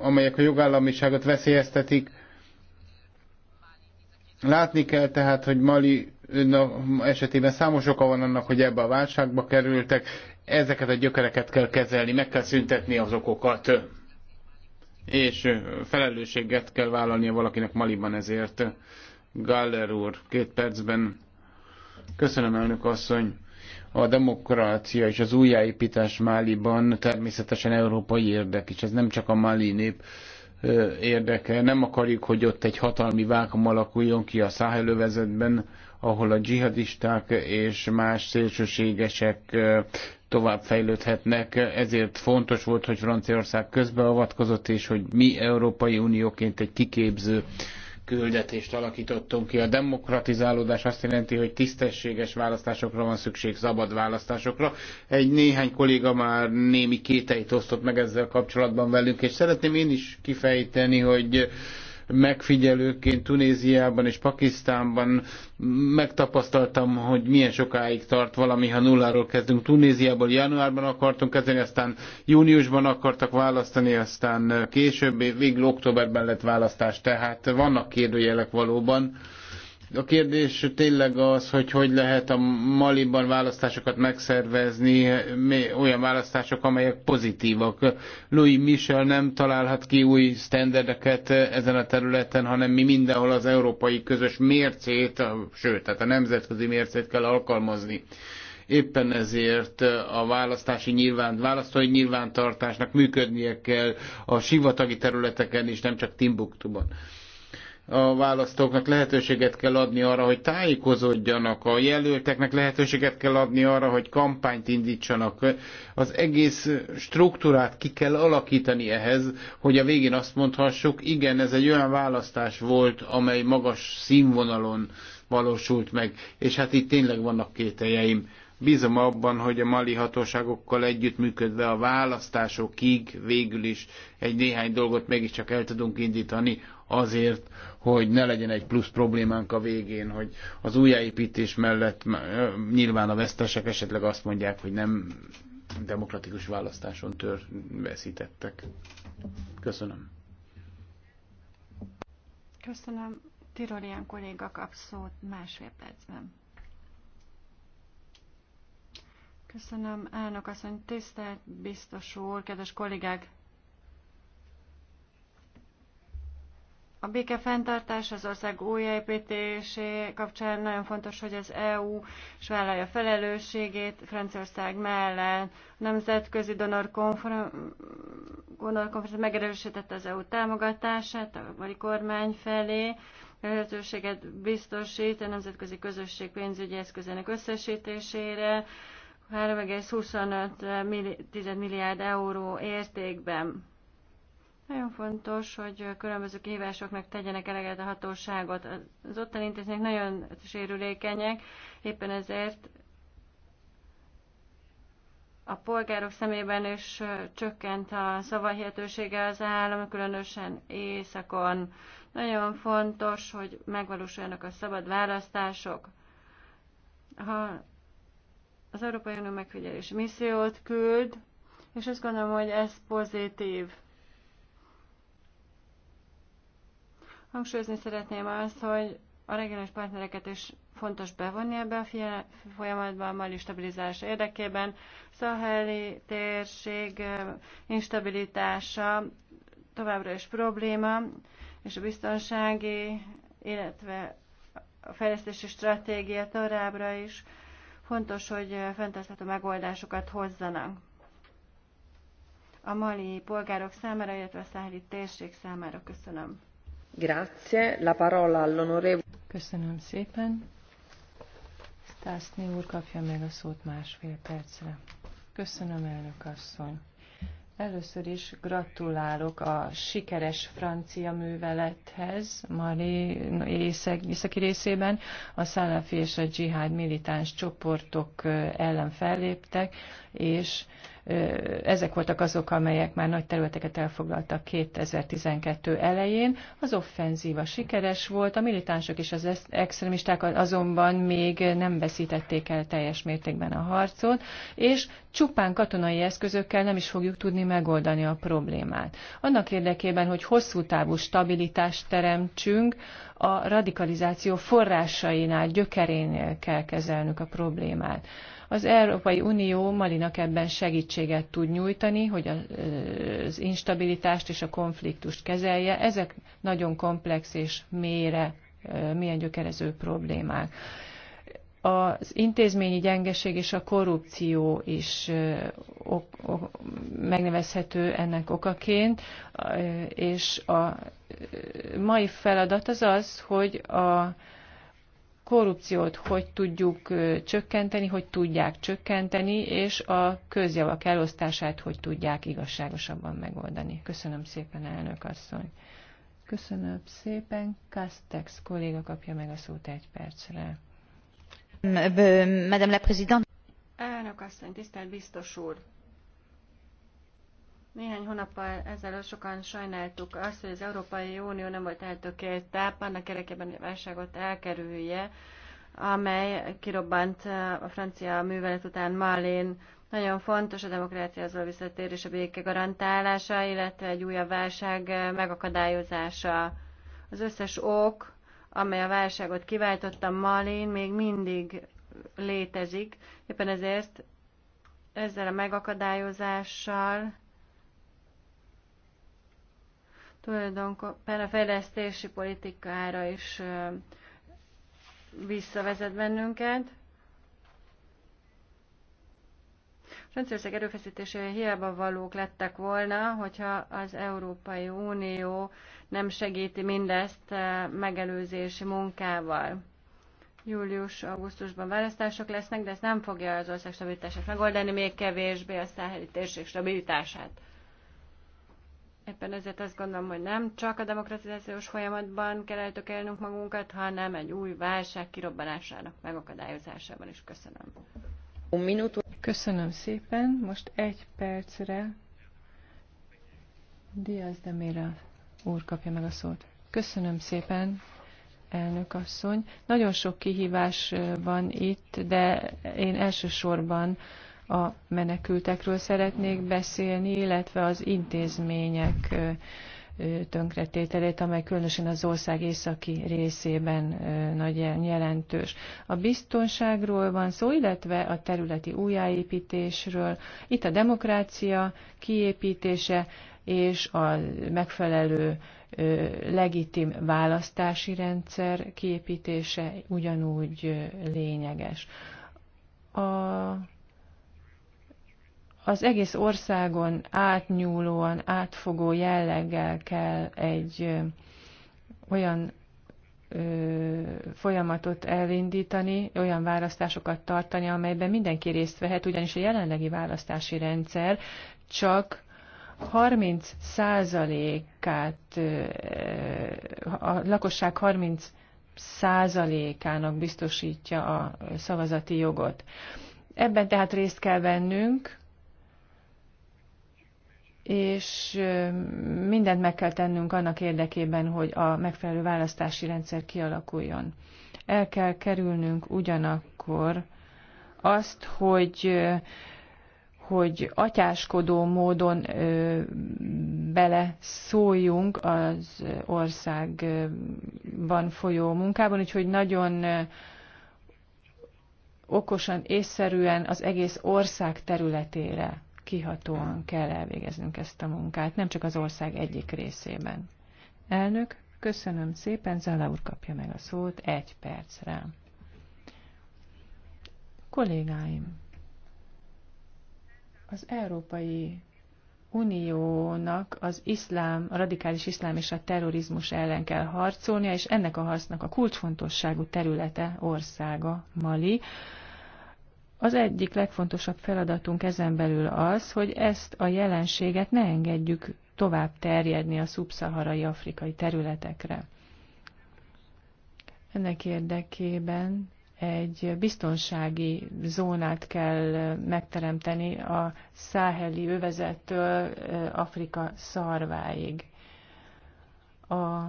amelyek a jogállamiságot veszélyeztetik. Látni kell tehát, hogy Mali esetében számos oka van annak, hogy ebbe a válságba kerültek. Ezeket a gyökereket kell kezelni, meg kell szüntetni az okokat, és felelősséget kell vállalnia valakinek Maliban ezért. Galler úr, két percben. Köszönöm, elnök asszony. A demokrácia és az újjáépítás Máliban természetesen európai érdek, is. ez nem csak a mali nép érdeke. Nem akarjuk, hogy ott egy hatalmi vákum alakuljon ki a száhelővezetben, ahol a dzsihadisták és más szélsőségesek fejlődhetnek. Ezért fontos volt, hogy Franciaország közbeavatkozott, és hogy mi Európai Unióként egy kiképző küldetést alakítottunk ki. A demokratizálódás azt jelenti, hogy tisztességes választásokra van szükség, szabad választásokra. Egy néhány kolléga már némi kételyt osztott meg ezzel kapcsolatban velünk, és szeretném én is kifejteni, hogy megfigyelőként Tunéziában és Pakisztánban megtapasztaltam, hogy milyen sokáig tart valami, ha nulláról kezdünk. Tunéziából januárban akartunk kezdeni, aztán júniusban akartak választani, aztán később, végül októberben lett választás, tehát vannak kérdőjelek valóban a kérdés tényleg az, hogy hogy lehet a Maliban választásokat megszervezni, olyan választások, amelyek pozitívak. Louis Michel nem találhat ki új sztenderdeket ezen a területen, hanem mi mindenhol az európai közös mércét, sőt, tehát a nemzetközi mércét kell alkalmazni. Éppen ezért a választási nyilván, választói nyilvántartásnak működnie kell a sivatagi területeken is, nem csak Timbuktuban a választóknak lehetőséget kell adni arra, hogy tájékozódjanak, a jelölteknek lehetőséget kell adni arra, hogy kampányt indítsanak. Az egész struktúrát ki kell alakítani ehhez, hogy a végén azt mondhassuk, igen, ez egy olyan választás volt, amely magas színvonalon valósult meg, és hát itt tényleg vannak kételjeim. Bízom abban, hogy a mali hatóságokkal együttműködve a választásokig végül is egy néhány dolgot mégiscsak el tudunk indítani azért, hogy ne legyen egy plusz problémánk a végén, hogy az újjáépítés mellett nyilván a vesztesek esetleg azt mondják, hogy nem demokratikus választáson tör veszítettek. Köszönöm. Köszönöm. Tirolian kolléga kap szót másfél percben. Köszönöm, elnök asszony, tisztelt biztos úr, kedves kollégák! A béke fenntartás az ország újjáépítésé kapcsán nagyon fontos, hogy az EU s vállalja felelősségét Franciaország mellett. A nemzetközi donorkonferencia megerősítette az EU támogatását a mai kormány felé, lehetőséget biztosít a nemzetközi közösség pénzügyi eszközének összesítésére, 3,25 milliárd euró értékben. Nagyon fontos, hogy különböző kihívásoknak tegyenek eleget a hatóságot. Az ottani intézmények nagyon sérülékenyek, éppen ezért a polgárok szemében is csökkent a szavahihetősége az állam, különösen éjszakon. Nagyon fontos, hogy megvalósuljanak a szabad választások. Ha az Európai Unió megfigyelési missziót küld, és azt gondolom, hogy ez pozitív. Hangsúlyozni szeretném azt, hogy a regionális partnereket is fontos bevonni ebbe a folyamatban, a mali stabilizálása érdekében. Szaheli térség instabilitása továbbra is probléma, és a biztonsági, illetve a fejlesztési stratégia továbbra is Fontos, hogy fenntartható megoldásokat hozzanak a mali polgárok számára, illetve a száhli térség számára. Köszönöm. Grazie. La parola all'onorevole. Köszönöm szépen. Stászné úr kapja meg a szót másfél percre. Köszönöm, elnök asszony. Először is gratulálok a sikeres francia művelethez Mali északi részében. A szálafi és a dzsihád militáns csoportok ellen felléptek, és ezek voltak azok, amelyek már nagy területeket elfoglaltak 2012 elején. Az offenzíva sikeres volt, a militánsok és az extremisták azonban még nem veszítették el teljes mértékben a harcot, és csupán katonai eszközökkel nem is fogjuk tudni megoldani a problémát. Annak érdekében, hogy hosszú távú stabilitást teremtsünk, a radikalizáció forrásainál, gyökerénél kell kezelnünk a problémát. Az Európai Unió Malinak ebben segítséget tud nyújtani, hogy az instabilitást és a konfliktust kezelje. Ezek nagyon komplex és mélyre, milyen gyökerező problémák az intézményi gyengeség és a korrupció is ok, ok, megnevezhető ennek okaként, és a mai feladat az az, hogy a korrupciót hogy tudjuk csökkenteni, hogy tudják csökkenteni, és a közjavak elosztását hogy tudják igazságosabban megoldani. Köszönöm szépen, elnök asszony. Köszönöm szépen. Castex kolléga kapja meg a szót egy percre. Madame la Présidente. Elnök asszony, tisztelt biztos úr! Néhány hónappal ezelőtt sokan sajnáltuk azt, hogy az Európai Unió nem volt eltökélt táp, annak érdekében, hogy a válságot elkerülje, amely kirobbant eh, a francia művelet után Malén. Nagyon fontos a demokrácia az visszatérés, a béke garantálása, illetve egy újabb válság eh, megakadályozása. Az összes ok, amely a válságot kiváltotta Malén, még mindig létezik. Éppen ezért ezzel a megakadályozással tulajdonképpen a fejlesztési politikára is visszavezet bennünket. Franciaország erőfeszítése hiába valók lettek volna, hogyha az Európai Unió nem segíti mindezt megelőzési munkával. Július-augusztusban választások lesznek, de ez nem fogja az ország stabilitását megoldani, még kevésbé a száheli térség stabilitását. Éppen ezért azt gondolom, hogy nem csak a demokratizációs folyamatban kell eltökélnünk magunkat, hanem egy új válság kirobbanásának megakadályozásában is. Köszönöm. Köszönöm szépen. Most egy percre Diaz de Mira úr kapja meg a szót. Köszönöm szépen, elnök asszony. Nagyon sok kihívás eh, van itt, de én elsősorban a menekültekről szeretnék beszélni, illetve az intézmények tönkretételét, amely különösen az ország északi részében nagy jelentős. A biztonságról van szó, illetve a területi újjáépítésről. Itt a demokrácia kiépítése és a megfelelő legitim választási rendszer kiépítése ugyanúgy lényeges. A az egész országon átnyúlóan, átfogó jelleggel kell egy olyan ö, folyamatot elindítani, olyan választásokat tartani, amelyben mindenki részt vehet, ugyanis a jelenlegi választási rendszer csak 30 százalékát, a lakosság 30 százalékának biztosítja a szavazati jogot. Ebben tehát részt kell vennünk, és mindent meg kell tennünk annak érdekében, hogy a megfelelő választási rendszer kialakuljon. El kell kerülnünk ugyanakkor azt, hogy hogy atyáskodó módon ö, bele szóljunk az országban folyó munkában, úgyhogy nagyon ö, okosan, észszerűen az egész ország területére kihatóan kell elvégeznünk ezt a munkát, nem csak az ország egyik részében. Elnök, köszönöm szépen, Zala úr kapja meg a szót egy percre. Kollégáim, az Európai Uniónak az iszlám, a radikális iszlám és a terrorizmus ellen kell harcolnia, és ennek a harcnak a kulcsfontosságú területe országa Mali. Az egyik legfontosabb feladatunk ezen belül az, hogy ezt a jelenséget ne engedjük tovább terjedni a szubszaharai afrikai területekre. Ennek érdekében egy biztonsági zónát kell megteremteni a száheli övezettől Afrika szarváig. A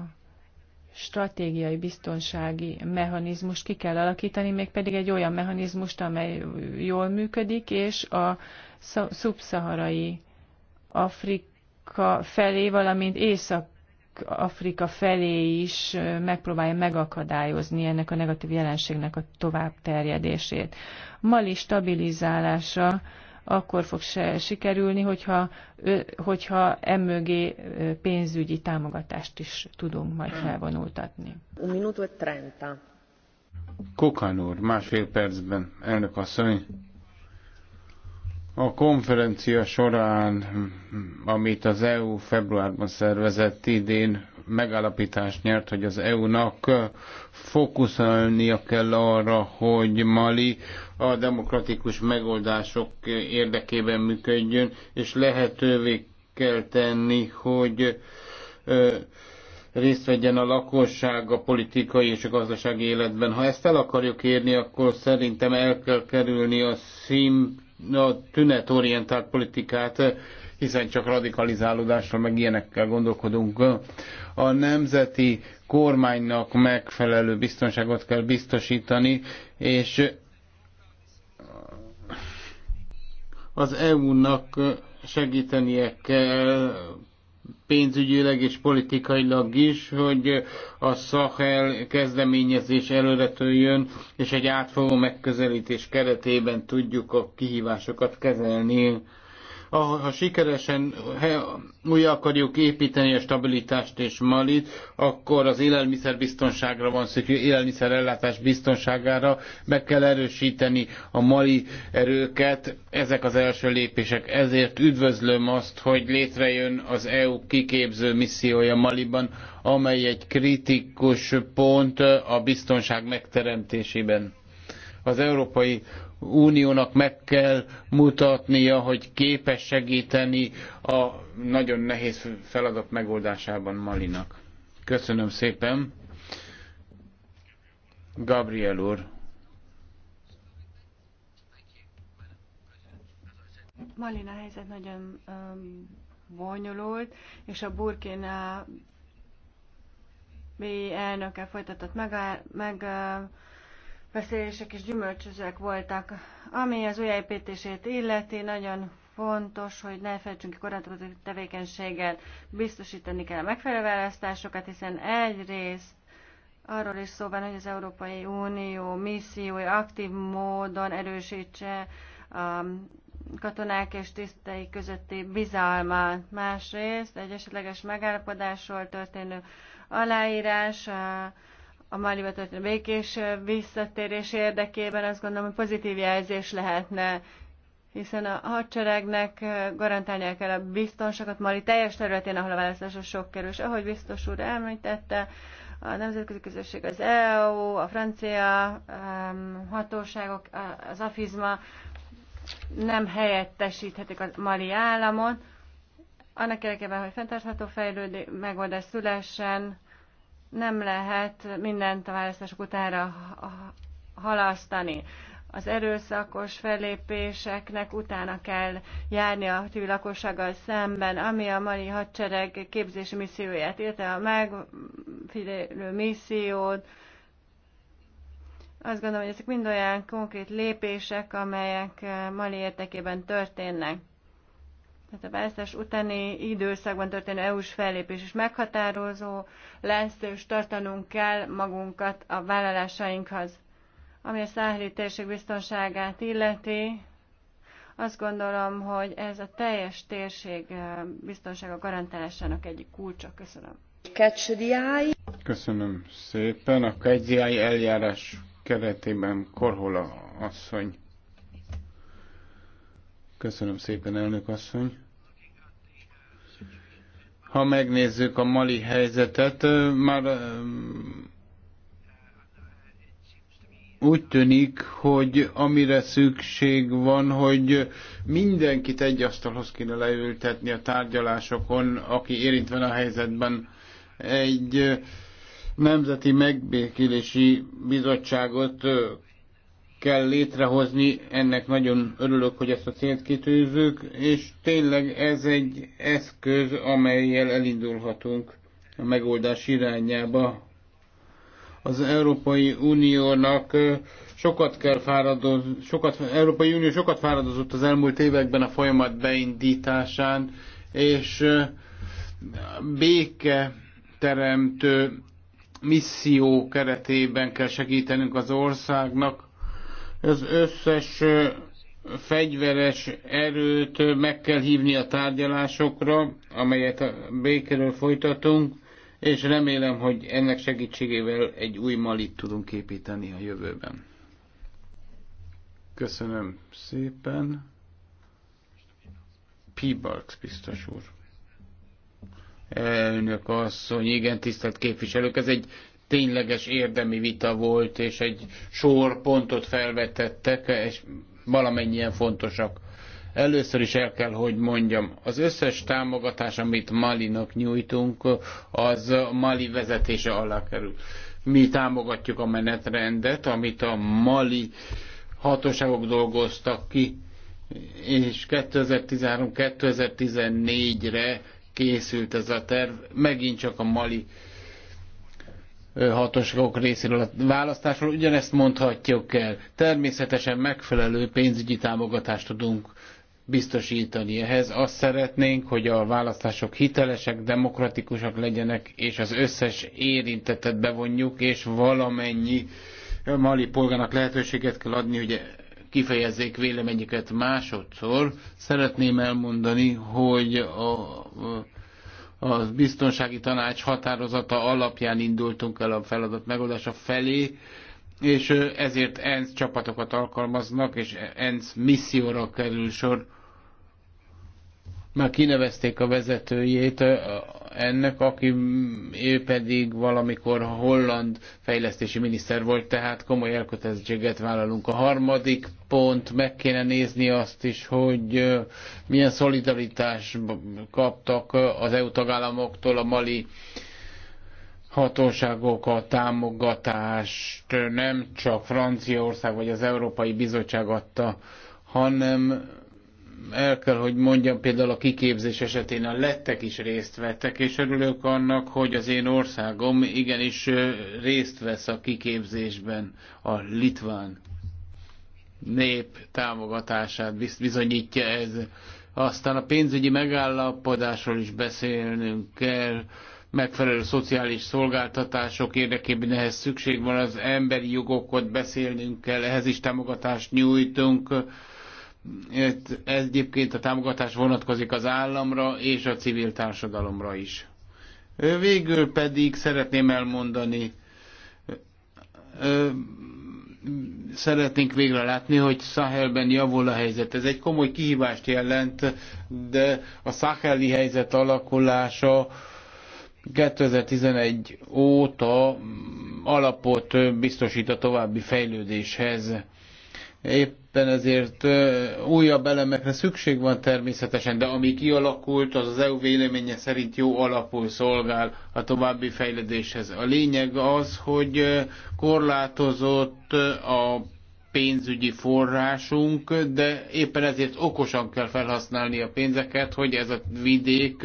stratégiai biztonsági mechanizmust ki kell alakítani, mégpedig egy olyan mechanizmust, amely jól működik, és a szubszaharai Afrika felé, valamint Észak-Afrika felé is megpróbálja megakadályozni ennek a negatív jelenségnek a tovább terjedését. Mali stabilizálása akkor fog se sikerülni, hogyha, hogyha emögé pénzügyi támogatást is tudunk majd felvonultatni. Un minuto e trenta. Kokán úr, másfél percben, elnök asszony. A konferencia során, amit az EU februárban szervezett idén, megállapítást nyert, hogy az EU-nak fókuszálnia kell arra, hogy Mali a demokratikus megoldások érdekében működjön, és lehetővé kell tenni, hogy részt vegyen a lakosság a politikai és a gazdasági életben. Ha ezt el akarjuk érni, akkor szerintem el kell kerülni a szint a tünetorientált politikát, hiszen csak radikalizálódásról meg ilyenekkel gondolkodunk. A nemzeti kormánynak megfelelő biztonságot kell biztosítani, és az EU-nak segítenie kell pénzügyileg és politikailag is, hogy a Sahel kezdeményezés előretőjön, és egy átfogó megközelítés keretében tudjuk a kihívásokat kezelni. Ha, ha sikeresen ha újra akarjuk építeni a stabilitást és Malit, akkor az élelmiszerbiztonságra van szükség, élelmiszerellátás biztonságára meg kell erősíteni a mali erőket. Ezek az első lépések. Ezért üdvözlöm azt, hogy létrejön az EU kiképző missziója Maliban, amely egy kritikus pont a biztonság megteremtésében. Az Európai Uniónak meg kell mutatnia, hogy képes segíteni a nagyon nehéz feladat megoldásában Malinak. Köszönöm szépen. Gabriel úr. Malina helyzet nagyon um, bonyolult, és a Burkina mi elnöke folytatott meg, meg uh, megbeszélések és gyümölcsözőek voltak. Ami az újjáépítését illeti, nagyon fontos, hogy ne felejtsünk ki korlátozó tevékenységet, biztosítani kell a megfelelő választásokat, hiszen egyrészt arról is szó van, hogy az Európai Unió missziója aktív módon erősítse a katonák és tisztei közötti bizalmat. Másrészt egy esetleges megállapodásról történő aláírás, a Máliba történő békés visszatérés érdekében azt gondolom, hogy pozitív jelzés lehetne, hiszen a hadseregnek garantálnia kell a biztonságot Mali teljes területén, ahol a választások sok kerül. És ahogy biztos úr említette, a nemzetközi közösség, az EU, a francia um, hatóságok, az afizma nem helyettesíthetik a mali államot. Annak érdekében, hogy fenntartható fejlődés megoldás szülessen, nem lehet mindent a választások utára halasztani. Az erőszakos fellépéseknek utána kell járni a civil lakossággal szemben, ami a mai hadsereg képzési misszióját írta, a megfigyelő missziót. Azt gondolom, hogy ezek mind olyan konkrét lépések, amelyek eh, mali értekében történnek tehát a választás utáni időszakban történő EU-s fellépés is meghatározó lesz, és tartanunk kell magunkat a vállalásainkhoz. Ami a száhli térség biztonságát illeti, azt gondolom, hogy ez a teljes térség biztonsága garantálásának egyik kulcsa. Köszönöm. Köszönöm szépen. A KGI eljárás keretében Korhola asszony Köszönöm szépen, elnök asszony. Ha megnézzük a mali helyzetet, már úgy tűnik, hogy amire szükség van, hogy mindenkit egy asztalhoz kéne leültetni a tárgyalásokon, aki érintve a helyzetben egy nemzeti megbékélési bizottságot kell létrehozni, ennek nagyon örülök, hogy ezt a célt kitűzzük, és tényleg ez egy eszköz, amelyel elindulhatunk a megoldás irányába. Az Európai Uniónak sokat kell fáradozni, sokat, Európai Unió sokat fáradozott az elmúlt években a folyamat beindításán, és béke teremtő misszió keretében kell segítenünk az országnak, az összes fegyveres erőt meg kell hívni a tárgyalásokra, amelyet a békéről folytatunk, és remélem, hogy ennek segítségével egy új malit tudunk építeni a jövőben. Köszönöm szépen. Barks, biztos úr. Elnök asszony, igen, tisztelt képviselők, ez egy tényleges érdemi vita volt, és egy sor pontot felvetettek, és valamennyien fontosak. Először is el kell, hogy mondjam, az összes támogatás, amit Malinak nyújtunk, az Mali vezetése alá kerül. Mi támogatjuk a menetrendet, amit a Mali hatóságok dolgoztak ki, és 2013-2014-re készült ez a terv, megint csak a Mali hatóságok részéről a választásról, ugyanezt mondhatjuk el. Természetesen megfelelő pénzügyi támogatást tudunk biztosítani ehhez. Azt szeretnénk, hogy a választások hitelesek, demokratikusak legyenek, és az összes érintettet bevonjuk, és valamennyi mali polgának lehetőséget kell adni, hogy kifejezzék véleményüket másodszor. Szeretném elmondani, hogy a, a biztonsági tanács határozata alapján indultunk el a feladat megoldása felé, és ezért ENSZ csapatokat alkalmaznak, és ENSZ misszióra kerül sor már kinevezték a vezetőjét ennek, aki ő pedig valamikor a holland fejlesztési miniszter volt, tehát komoly elkötelezettséget vállalunk. A harmadik pont, meg kéne nézni azt is, hogy milyen szolidaritás kaptak az EU tagállamoktól a mali hatóságok a támogatást nem csak Franciaország vagy az Európai Bizottság adta, hanem el kell, hogy mondjam, például a kiképzés esetén a lettek is részt vettek, és örülök annak, hogy az én országom igenis részt vesz a kiképzésben a litván nép támogatását bizonyítja ez. Aztán a pénzügyi megállapodásról is beszélnünk kell, megfelelő szociális szolgáltatások érdekében ehhez szükség van, az emberi jogokat beszélnünk kell, ehhez is támogatást nyújtunk ez egyébként a támogatás vonatkozik az államra és a civil társadalomra is. Végül pedig szeretném elmondani, szeretnénk végre látni, hogy Szahelben javul a helyzet. Ez egy komoly kihívást jelent, de a szaheli helyzet alakulása 2011 óta alapot biztosít a további fejlődéshez. Épp éppen ezért újabb elemekre szükség van természetesen, de ami kialakult, az az EU véleménye szerint jó alapul szolgál a további fejlődéshez. A lényeg az, hogy korlátozott a pénzügyi forrásunk, de éppen ezért okosan kell felhasználni a pénzeket, hogy ez a vidék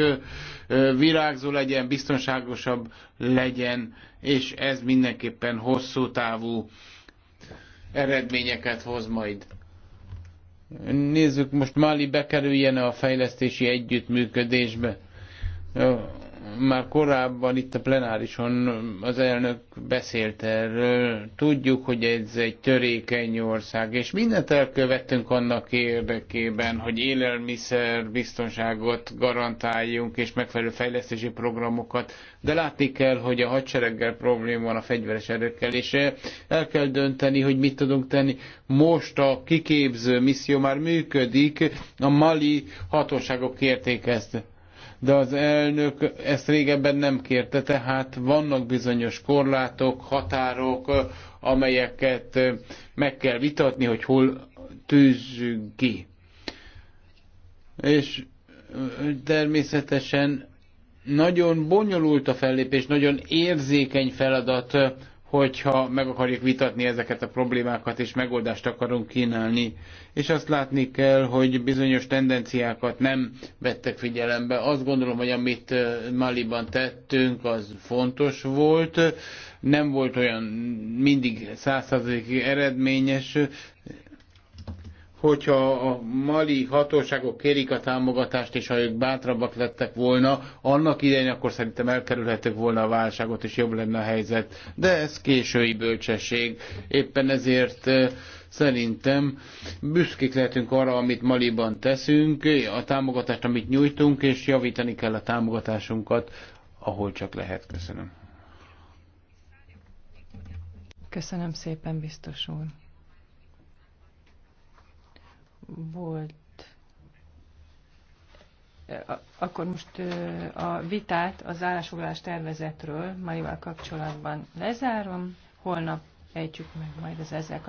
virágzó legyen, biztonságosabb legyen, és ez mindenképpen hosszú távú eredményeket hoz majd. Nézzük, most Mali bekerüljen a fejlesztési együttműködésbe. Már korábban itt a plenárison az elnök beszélt erről. Tudjuk, hogy ez egy törékeny ország, és mindent elkövettünk annak érdekében, hogy élelmiszer biztonságot garantáljunk, és megfelelő fejlesztési programokat. De látni kell, hogy a hadsereggel probléma van a fegyveres erőkkel, és el kell dönteni, hogy mit tudunk tenni. Most a kiképző misszió már működik, a mali hatóságok kérték ezt de az elnök ezt régebben nem kérte, tehát vannak bizonyos korlátok, határok, amelyeket meg kell vitatni, hogy hol tűzzük ki. És természetesen nagyon bonyolult a fellépés, nagyon érzékeny feladat hogyha meg akarjuk vitatni ezeket a problémákat, és megoldást akarunk kínálni. És azt látni kell, hogy bizonyos tendenciákat nem vettek figyelembe. Azt gondolom, hogy amit Maliban tettünk, az fontos volt. Nem volt olyan mindig százszerzalékig eredményes, hogyha a mali hatóságok kérik a támogatást, és ha ők bátrabbak lettek volna, annak idején akkor szerintem elkerülhetek volna a válságot, és jobb lenne a helyzet. De ez késői bölcsesség. Éppen ezért eh, szerintem büszkék lehetünk arra, amit Maliban teszünk, a támogatást, amit nyújtunk, és javítani kell a támogatásunkat, ahol csak lehet. Köszönöm. Köszönöm szépen, biztos úr volt akkor most a vitát az állásfoglalás tervezetről Marival kapcsolatban lezárom, holnap ejtjük meg majd az ezzel kapcsolatban.